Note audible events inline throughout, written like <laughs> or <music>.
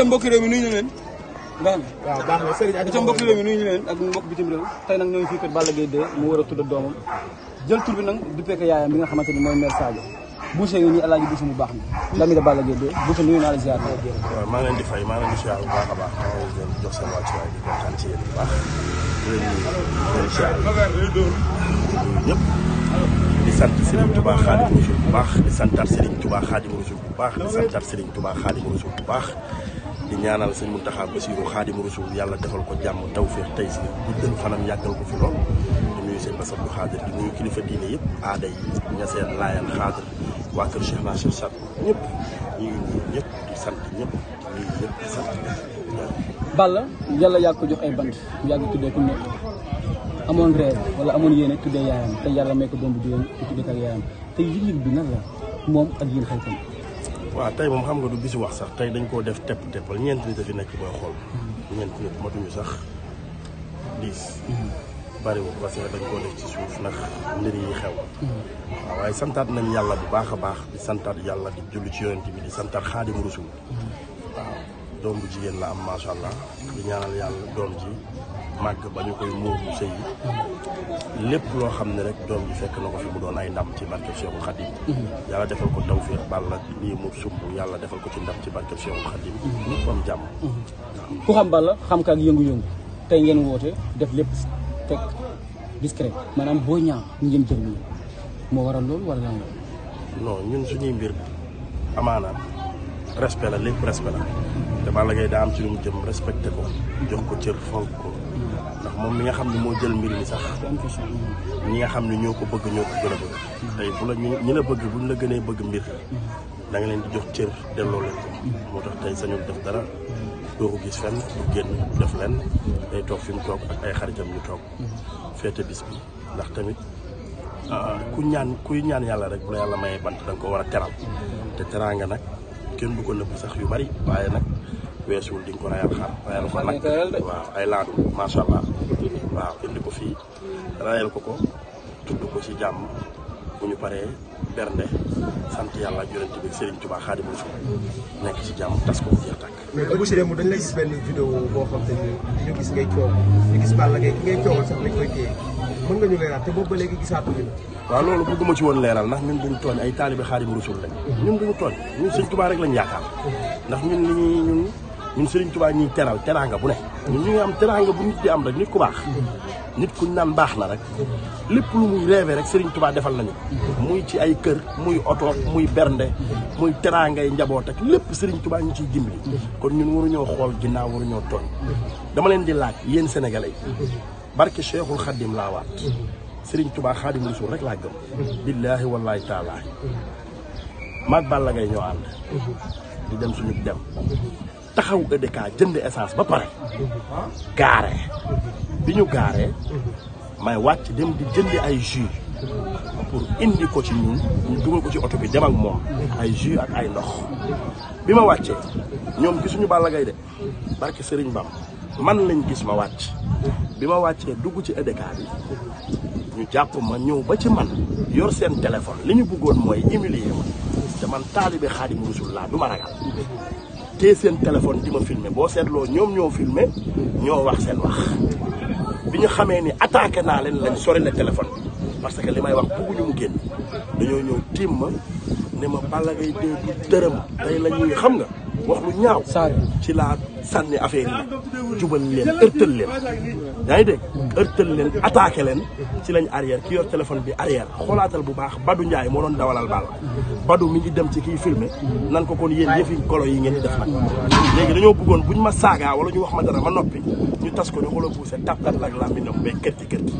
ca mbokki réew mi nuyu ñu leen baax na waaw baax na Serigne ca mbokki réew mi nuyu ñu leen ak mbokk bitim réew tey nag ñoo ngi fii kër Balla Gaye 2 mu war a tudda doomam jël tur bi nag du fekk yaayam bi nga xamante ni mooy mère Sadio Boucher ngi nii alaaji Boucher mu baax na la mi da Balla Gaye 2 Boucher nuyu naa la ziar waaw maa ngi leen di fay maa ngi leen di ziar bu baax a baax maa ngi leen di jox seen wàccuwaay di kontaan ci yéen bu baax ñëpp di sant Serigne Touba Xaadimu Rasuul bu baax di santar Serigne Touba Xaadimu Rasuul bu baax di santar Serigne Touba Xaadimu Rasuul bu baax di ñaanal sëñ Muntaxa Basiru Xaadimu Rasuul yàlla defal ko jàmm tawféex taysiir guddal fanam yàggal ko fi lool di nuyu sëñ Bass Abdou Xaadir di nuyu kilifa diine yëpp aada yi ñaseen laayal xaadir waa kër Cheikh na Cheikh Saad ñëpp ñu ngi sant ñëpp Balla yàlla yàgg ko jox ay bant yàgg tuddee ku nekk amoon reer wala amoon yéene tuddee yaayam te yàlla may ko doom bu jigéen ku tuddee ak yaayam te yëg bi nan la moom ak yéen xaritam waaw tey moom xam nga du bisi wax sax tey dañ koo def tepp teppal ñeent nit a fi nekk booy xool. Mm-hmm. ñeent nit matuñu sax diis. Mm-hmm. bariwul parce que dañ koo def ci suuf ndax mbir yi xew. Mm-hmm. waaw waaye santaat nañ yàlla bu baax a baax di santaat yàlla di julli ci yonent bi di santaat xaadimu rasul waaw doom bu jigéen la am macha allah di ñaanal yàlla doom ji màgg ba ñu koy muur bu sëy yi lépp loo xam ne rek doom bi fekk na ko fi mu doon ay ndam ci barkeb Cheikhul Khadim yàlla defal ko tawféex bàlla lii mu sumb yàlla defal ko ci ndam ci barkeb Cheikhul Khadim mu am jàmm ku xam la xam ka ak yëngu-yëngu tey ngeen woote def lépp teg discret maanaam boo ñaaw ñu ngeen jël moo war a loolu wala lan la non ñun suñuy mbir amaana respect la lépp respect la te la ngay daa am ci lu mu jëm respecté ko jox ko cër fonk ko ndax moom mi nga xam ne moo jël mbir mi sax ñi nga xam ni ñoo ko bëgg ñoo ko gën a bëgg tey bu la ñi la bëgg buñ la gënee bëgg mbir da nga leen di jox cër delloo leen moo tax tey sañul def dara doo ko gis fenn du génn def leen ay toog fi mu toog ak ay xaritam ñu toog féete bis bi ndax tamit ah, ku ñaan kuy ñaan yàlla rek bu la yàlla mayee bant da ko war a teral te teraanga nag kenn du ko nëbb sax yu bari waaye nag weesuwul di nga ko rayal xar rayal ko nag waaw ay laadu macha allah waaw indi ko fi rayal ko ko tudd ko ci jàmm bu ñu paree bernde sant yàlla ak yonent bi Serigne Touba Xaadimu Rasuul nekk ci jàmm tas ko jeex tàkk. mais bu gis benn vidéo boo xam te ni ñu gis ngay coow ñu gis Balla Gaye ki ngay coowal sax dañ koy téye mën nga ñu leeral te boobu ba léegi gisaatuñu la. waaw loolu bëgguma ci woon leeral ñun ñun ñun Serigne Touba rek lañ yaakaar. bu ne. ñun ñu ngi am teraanga bu nit di am rek nit ku baax nit kuñ naan baax na rek lépp lu muy rêvé rek Serigne tubaa defal nañu muy ci ay kër muy oto muy bernde muy teraangay njaboot ak lépp Serigne Touba ñu ciy dimbali kon ñun waruñoo xool ginnaaw waruñoo tooñ dama leen di laaj yéen sénégalais yi barke Cheikhul Khadim laa waat Serigne Touba Khadim Rasul rek laa gëm billaahi wallaahi taalaahi maag Balla ngay ñoo ànd di dem suñu dem taxaw EDK jënd essence ba pare gaare bi ñu gaaree may wàcc dem di jënd ay jus pour indi ko ci ñun ñu dugal ko ci oto bi dem moom ay jus ak ay ndox bi ma wàccee ñoom gisuñu Balla Gaye de barke Serigne Bam man lañ gis ma wàcc bi ma wàccee dugg ci EDK bi ñu jàpp ma ñëw ba ci man yor seen téléphone li ñu buggoon mooy humilier te man taalibe Xaadimu Rasul laa du ma ragal téye seen téléphone di ma filmer boo seetloo ñoom ñoo filmer ñoo wax seen wax bi ñu xamee ni attaqué naa leen lañ sori la téléphone parce que li may wax bëgguñu mu génn dañoo ñëw tiim ma ne ma Balla Gaye dee du dërëm tey la ñuy xam nga wax lu ñaaw. ci laa sànni affaire yi jubal leen ërtël leen. yaa ngi dégg ërtël leen attaqué leen ci lañ arrière ki yor téléphone bi arrière xoolaatal bu baax Badou Ndiaye moo doon dawalal Balla. Badou mi ngi dem ci kiy filmé nan ko kon yéen yëfi golo yi ngeen di def nag. léegi dañoo bëggoon ñu ma saagaa wala ñu wax ma dara ma noppi ñu tas ko ne ñu xooloo poussé tapkat la ak làmmiñam mais kër gi kër gi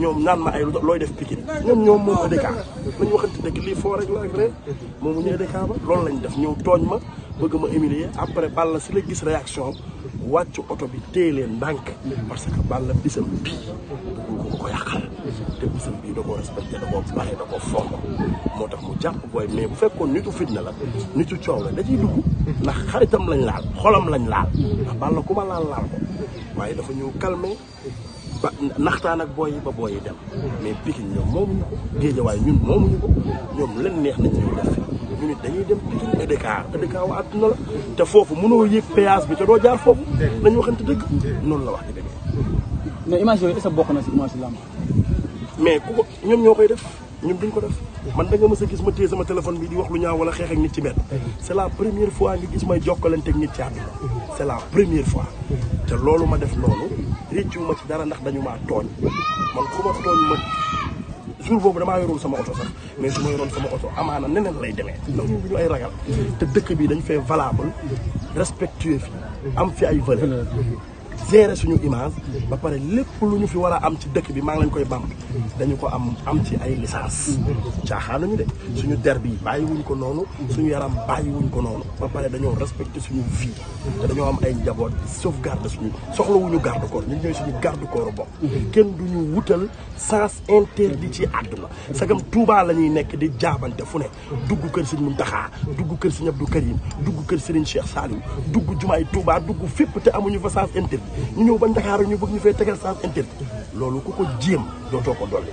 ñoom naan ma ay looy def pikin ñoom ñoom moom a nañu waxante dëgg lii foo rek la ak rek moom mu ñu lañ def ñëw tooñ ma bëgg ma humilier après Balla si la gis réaction am wàcc oto bi téye leen ndànk parce que Balla bisam bii bëggul ko ko yàqal te bisam bii da koo respecté da koo baaxee da koo fonk moo tax mu jàpp booy mais bu fekkoon nitu fitna la nitu coow la da ciy dugg ndax xaritam lañ laal xolam lañ laal ndax Balla ku ma laal laal ko waaye dafa ñëw calmer ba naxtaan ak booy yi ba booy dem mais Pikine ñoom moomuñu ko géejawaay ñun moomuñu ko ñoom leen neex nañ ñuy def minutes dañuy dem Pikine et Dakar te Dakar waa la te foofu mënoo yéeg péage bi te doo jaar foofu nañu waxante dëgg noonu la wax di demee mais image yooyu est-ce bokk na si image lamb mais ku ko ñoom ñoo koy def ñun dañ ko def man da nga a gis ma téye sama téléphone bi di wax lu ñaaw wala xeex ak nit ci mbedd c'est la première fois nga gis may jokkalante ak nit ci àdduna c'est la première fois te loolu ma def loolu réccu ma ci dara ndax dañu maa tooñ man ku ma tooñ jour boobu damaa yorul sama oto sax mais su ma yoroon sama oto amaana neneen lay demee ndax ñun ñu ay ragal te dëkk bi dañ fee valable respectueux fi am fi ay valeur gérer suñu image ba pare lépp lu ñu fi war a am ci dëkk bi maa ngi leen koy bamb dañu ko am am ci ay licence ñu de suñu der bi wuñ ko noonu suñu yaram wuñ ko noonu ba pare dañoo respecté suñu vie te dañoo am ay njaboot sauvegarde suñu soxlawuñu garde corps ñun ñooy suñu garde corps bopp kenn duñu wutal sens interdit ci àdduna sagam Touba la ñuy nekk di jaabante fu ne dugg kër Sëriñ Muntaxa dugg kër Sëriñ Abdou Karim dugg kër Sëriñ Cheikh Saliou dugg jumaay Touba dugg fépp te amuñu fa sens interdit ñu ñëw ba Ndakaar ñu bëgg ñu fay tegal sens interdit loolu ku ko jéem dootoo ko dolli.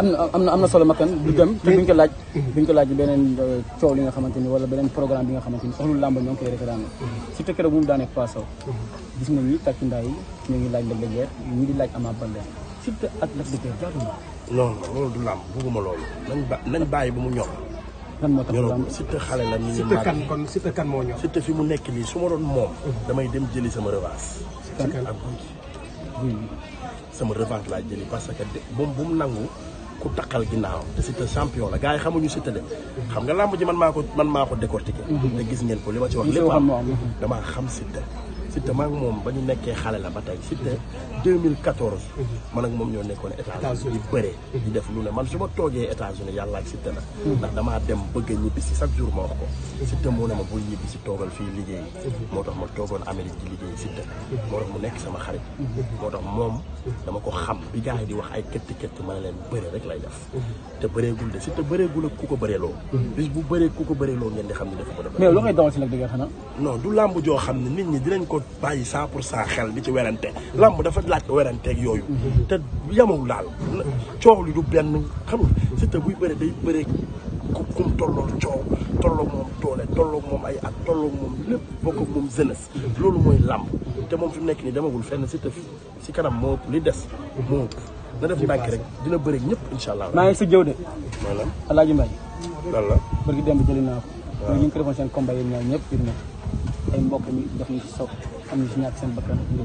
am na am na am na solo makkan du dem te duñ ko laaj. duñ ko laaj beneen euh, coow li nga xamante ni wala beneen programme bi nga xamante ni soxlu làmb ñoo ngi koy référendé. su fekkee rek bu mu daanee Paasaw. Mm-hmm. gis nañ ni takk ndaa yi ñu ngi laaj Lac de Guiers ñu ngi laaj am Baldé surtout ak Lac de Guiers jaadu na. non non loolu du làmb bugguma loolu nañ bàyyi ba mu ñor. lan moo tax ñoroon xale la mi ngi màgg kan kon Siteu kan fi mu nekk nii su ma doon moom mm. damay dem jëli sama revanche kan ak guy sama revanche laa jëli parce que de moom bu mu nangu ku taqal ginnaaw te Siteu champion la gars yi xamuñu Siteu de xam nga làmb ji man maa ko man maa ko décortiqué mm-hmm. te gis ngeen ko li ma ci wax lépp ah. damaa xam Siteu Siteu maa ngi moom ba ñu nekkee xale la ba tey Siteu 2014. Mhm. Mhm. man ak moom ñoo nekkoon États-Unis di bëree. di mhm. def lu ne man su toogee États-Unis yàlla ak Siteu la. ndax damaa dem bëgg a ñibbisi chaque jour ma wax ko. Siteu moo ne ma bul ñibbisi toogal fii liggéey moo tax ma toogoon Amérique di liggéey Siteu. moo tax mu nekk sama xarit. moo tax moom dama ko xam bi gars yi di wax ay këtt këtt ma leen bëre rek lay def. te bëreegul de Siteu bëreegul bàyyi cent pour cent xel bi ci werante lamb dafa laaj ko yooyu te yamul daal coow li du benn xam nga Siteu buy bëre day bëre ku kum tollool coow tolloog moom doole tolloog moom ay at tolloog moom lépp bokk ak moom jeunesse loolu mooy lamb te moom fi mu nekk nii demagul fenn Siteu si kanam moo li des moo na def ndànk rek dina bëri ñëpp incha allah. maa si sa jëw de. voilà El Hadj Mbaye. lan la. barki ngi ko defoon seen combat yi ñëpp ay mbokk mi def ñu ci am ñu si ñàkk seen bakkan ñu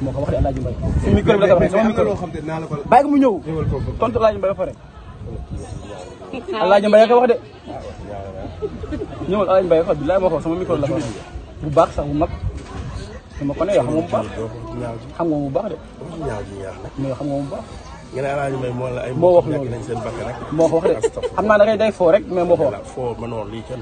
moo ko wax de El Hadj Mbaye. suñu micro bi la ko waxee sama micro bàyyi ko mu ñëw tontu El Hadj Mbaye ba pare. El Hadj Mbaye ko wax de. ñëwal El Hadj Mbaye wax bilaay moo ko wax la ko bu baax sax bu mag. dama ko ne yow xam nga bu baax xam nga bu baax xam nga bu baax. nga ne moo la ay. moo wax loolu seen bakk rek. moo ko wax de xam naa da ngay day foo rek mais moo ko wax. foo ma noonu lii kenn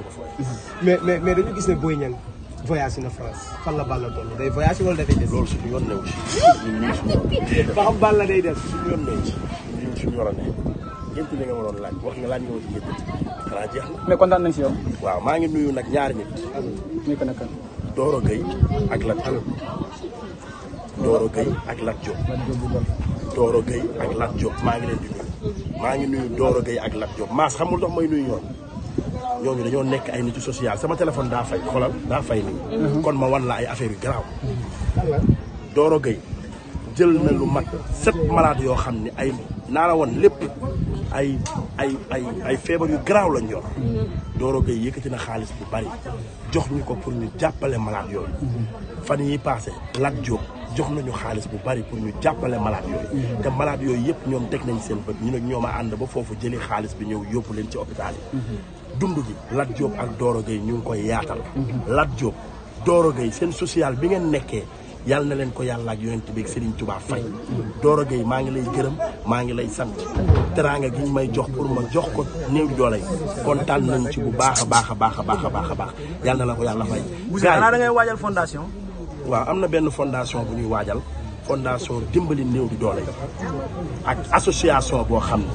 dañu gis ne Boy Niang voyage na France fan la Balla toll day voyage wala dafay des. loolu suñu yoon newu si. <laughs> ba xam Balla day des suñu yoon newu si. ñun suñu yoon a ne ñëpp li nga ma doon laaj wax nga laaj nga woon si ñëpp xanaa na. mais kontaan waaw maa ngi nuyu nag ñaari nit. ko nag kan. Doro Gueye ak Lat Diop. Doro Gueye ak Lat Diop. Doro Gueye ak Lat Diop maa ngi leen di maa ngi nuyu Doro Gueye ak Lat Diop maas xamul dox may nuyu ñoom. ñooñu dañoo nekk ay nit yu social sama téléphone daa fay xoolal daa fay nii. Mhm. kon ma wan la affaire yu garaaw. Mhm. Doro lu mat sept malade yoo xam ne ay naa lépp ay ay ay feebar yu garaaw lañ yor. Mhm. Doro Gueye yëkkati na xaalis bu bari jox ñu ko pour ñu jàppale malade yooyu. fan yi paase Lat Diop jox nañu xaalis bu bari pour ñu jàppale malade yooyu. te malade yooyu yëpp ñoom teg nañ seen bët ñu ne ñoom a ànd ba foofu jëli xaalis bi ñëw yóbbu leen ci hôpital yi. dund gi Lat jóob ak dooro Gueye ñu ngi koy yaatal Lat Diop Doro Gueye seen social bi ngeen nekkee yàlla na leen ko yàlla ak yonent bi ak Serigne Touba fay Doro Gueye maa ngi lay gërëm maa ngi lay sant teraanga gi ñu may jox pour ma jox ko néew doole kontaan nañ ci bu baax a baax a baax a baax a baax a baax yàlla na la ko yàlla fay xanaa da ngay waajal fondation waaw am na benn fondation bu ñuy waajal fondation dimbali néew di doole ak association boo xam ne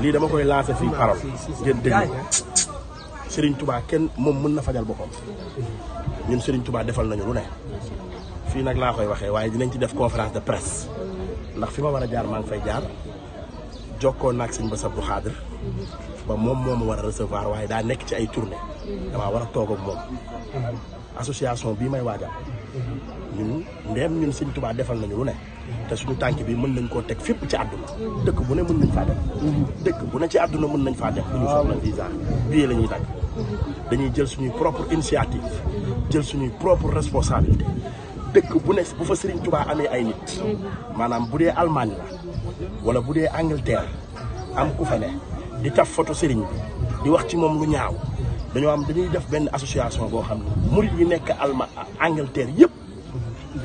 lii dama koy lancé fii parole ngeen déglu Serigne tubaa kenn moom mën na fajal boppam ñun Serigne tubaa defal nañu lu ne fii nag laa koy waxee waaye dinañ ci def conférence de presse ndax fi ma war a jaar maa ngi fay jaar jokkoo naag sëñ Bass Abdou Khadre ba moom moo ma war a recevoir waaye daa nekk ci ay tournée damaa war a toog ak moom association bii may waajal ñun ndeem ñun Serigne Touba defal nañu lu ne te suñu tànk bi mën nañ koo teg fépp ci àdduna dëkk bu ne mën nañ faa dem dëkk bu ne ci àdduna mën nañ faa dem bu ñu soxla visa bii la ñuy dagg dañuy jël suñuy propre initiative jël suñuy propre responsabilité dëkk bu ne bu fa Serigne Touba amee ay nit maanaam bu dee Allemagne la wala bu dee Angleterre am ku fa ne di taf photo Serigne bi di wax ci moom lu ñaaw dañoo am dañuy def benn association boo xam ne murid yi nekk Allemagne Angleterre yëpp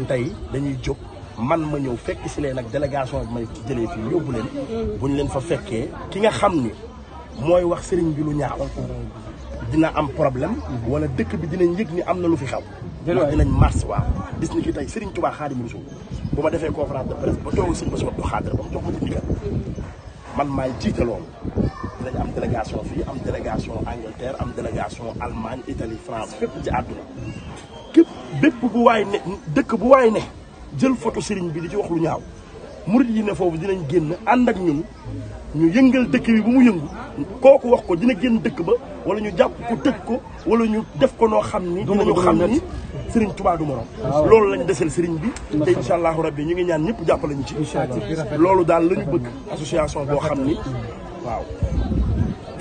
tey dañuy jóg man ma ñëw fekk si leen ak délégation bi may jëlee fii yóbbu leen bu buñ leen fa fekkee ki nga xam ni mooy wax sëriñ bi lu ñaaw dina am problème wala dëkk bi dinañ yëg ni am na lu fi xaw moo dinañ mars waaw bis ni ki tey sëriñ Tuubaa Xaadimu Rasuul bu ma defee conférence de presse ba toog sëñ ba suba du xaadara ba mu jox ma ci ndigal man maay jiite dinañ am délégation fii am délégation Angleterre am délégation Allemagne Italie France fépp ci àdduna képp bépp bu waay dëkk bu waay ne jël photo sëriñ bi di ci wax lu ñaaw murit yi ne foofu dinañ génn ànd ak ñun ñu yëngal dëkk bi bu mu yëngu kooku wax ko dina génn dëkk ba wala ñu jàpp ko tëj ko wala ñu def ko noo xam ni dinañu xam ni sëriñ Tuubaa du morom ah loolu lañ deseel sëriñ bi te incha allahu yi ñu ngi ñaan ñëpp jàppale ñu ci loolu daal lañu bëgg association boo xam ni waaw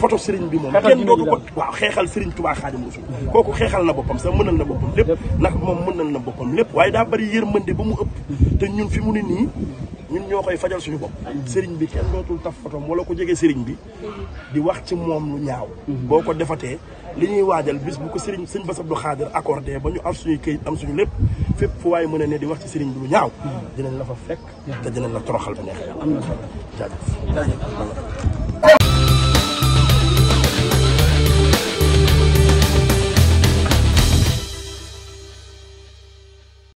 foto sëriñ bi moom kenn doodu ko waaw xeexal sëriñ Tuubaa Xaadimu Rasuul kooku xeexal na boppam sax mënal na boppam lépp ndax moom mënal na boppam lépp waaye daa bari yërmande ba mu ëpp te ñun fi mu ni nii ñun ñoo koy fajal suñu bopp sëriñ bi kenn dootul taf photom wala ko jege sëriñ bi di wax ci moom lu ñaaw mhm. boo ko defatee li ñuy waajal bis bu ko sëriñ sëñ Bass Abdou Khadre accordé ba ñu am suñuy këyit am suñu lépp fépp fu waaye mën na ne di wax ci sëriñ bi lu ñaaw mhm. dinañ la fa fekk te dinañ la toroxal ba neexee am na solo jaajëf